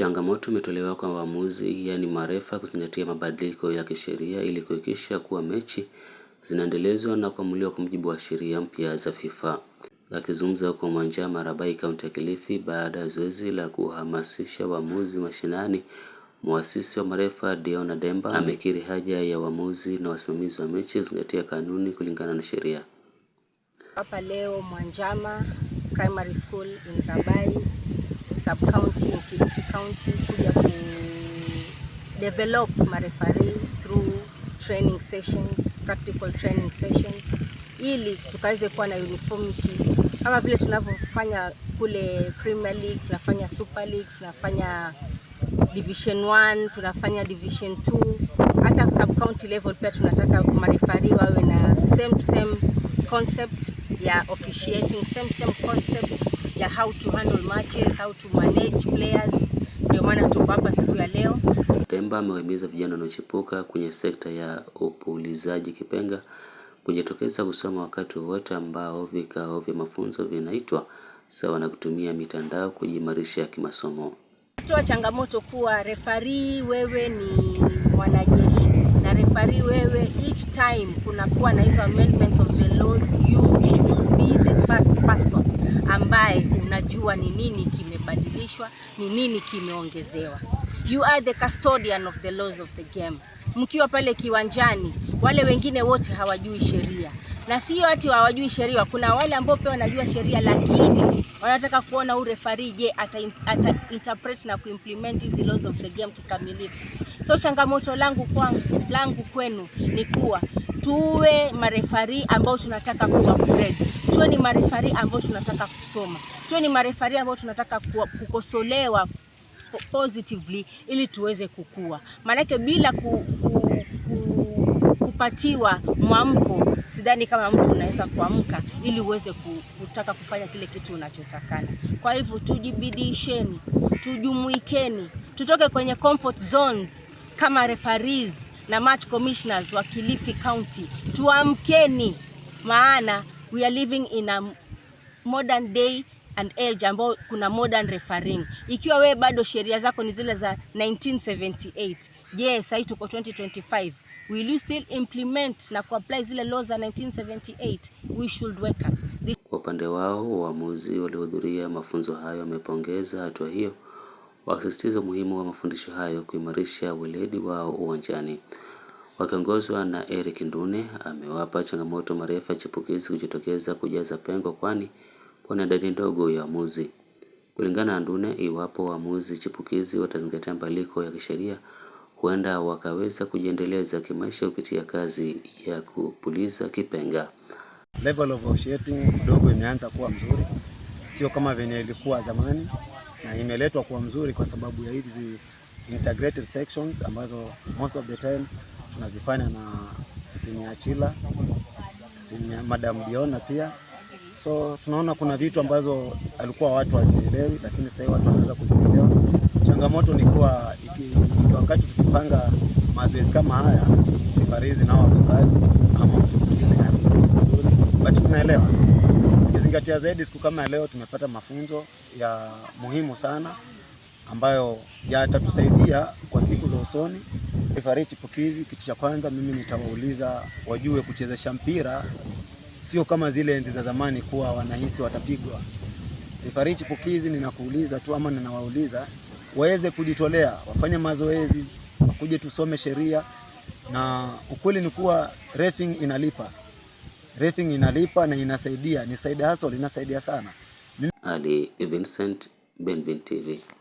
Changamoto imetolewa kwa waamuzi yaani marefa kuzingatia mabadiliko ya kisheria ili kuhakikisha kuwa mechi zinaendelezwa na kuamuliwa kwa mujibu wa sheria mpya za FIFA. Akizungumza kwa Mwanjama Rabai kaunti ya Kilifi baada ya zoezi la kuhamasisha waamuzi mashinani, mwasisi wa marefa Diona Demba amekiri haja ya waamuzi na wasimamizi wa mechi kuzingatia kanuni kulingana na sheria. Hapa leo Mwanjama Primary School in Rabai sub county Kilifi County kuja ku develop marefari through training sessions, practical training sessions ili tukaweze kuwa na uniformity kama vile tunavyofanya kule Premier League, tunafanya Super League, tunafanya Division 1, tunafanya Division 2, hata sub county level pia tunataka marefari wawe na same same concept ya officiating, same same concept ya how to handle matches, how to manage players. Ndio maana tupo hapa siku ya leo. Pemba amewahimiza vijana wanaochipuka kwenye sekta ya upulizaji kipenga kujitokeza kusoma wakati wowote ambao vikao vya mafunzo vinaitwa, sawa na kutumia mitandao kujiimarisha kimasomo. Toa changamoto kuwa refari, wewe ni mwanajeshi na refari wewe, each time kunakuwa na hizo amendments of the laws you should person ambaye unajua ni nini kimebadilishwa, ni nini kimeongezewa. You are the custodian of the laws of the game. Mkiwa pale kiwanjani, wale wengine wote hawajui sheria, na sio ati hawajui sheria. Kuna wale ambao pia wanajua sheria, lakini wanataka kuona urefari, je, ata interpret na kuimplement hizi laws of the game kikamilifu. So changamoto langu kwangu, langu kwenu ni kuwa tuwe marefari ambao tunataka kuwa upgrade, tuwe ni marefari ambao tunataka kusoma, tuwe ni marefari ambao tunataka kukosolewa positively ili tuweze kukua, maanake bila ku, ku, ku, kupatiwa mwamko, sidhani kama mtu unaweza kuamka ili uweze kutaka kufanya kile kitu unachotakana. Kwa hivyo tujibidisheni, tujumuikeni, tutoke kwenye comfort zones kama referees na match commissioners wa Kilifi County, tuamkeni, maana we are living in a modern day and age ambao kuna modern refereeing. Ikiwa we bado sheria zako ni zile za 1978, je, yes, sasa tuko 2025 will you still implement na kuapply zile laws za 1978? We should wake up. Kwa upande wao, waamuzi waliohudhuria mafunzo hayo wamepongeza hatua hiyo wakisisitiza umuhimu wa mafundisho hayo kuimarisha weledi wao uwanjani. Wakiongozwa na Eric Ndune, amewapa changamoto marefa chipukizi kujitokeza kujaza pengo, kwani kuna idadi ndogo ya waamuzi. Kulingana na Ndune, iwapo waamuzi chipukizi watazingatia mabadiliko ya kisheria, huenda wakaweza kujiendeleza kimaisha kupitia kazi ya kupuliza kipenga. Level of officiating kidogo imeanza kuwa mzuri, sio kama venye ilikuwa zamani na imeletwa kuwa mzuri kwa sababu ya hizi integrated sections ambazo most of the time tunazifanya na Senior Achila, Madam Diona pia. So tunaona kuna vitu ambazo alikuwa watu hazielewi, lakini sasa watu wanaanza kuzielewa. Changamoto ni kuwa wakati tukipanga mazoezi kama haya, ni farizi nao wako kazi ama mtu mwingine but tunaelewa kuzingatia zaidi siku kama leo, tumepata mafunzo ya muhimu sana ambayo yatatusaidia kwa siku za usoni. Refarii chipukizi, kitu cha kwanza mimi nitawauliza wajue kuchezesha mpira sio kama zile enzi za zamani kuwa wanahisi watapigwa. Refarii chipukizi, ninakuuliza tu ama ninawauliza waweze kujitolea, wafanye mazoezi, wakuje tusome sheria, na ukweli ni kuwa refing inalipa. Rating inalipa na inasaidia, ni side hustle inasaidia sana. Ali Vincent, Benvin TV.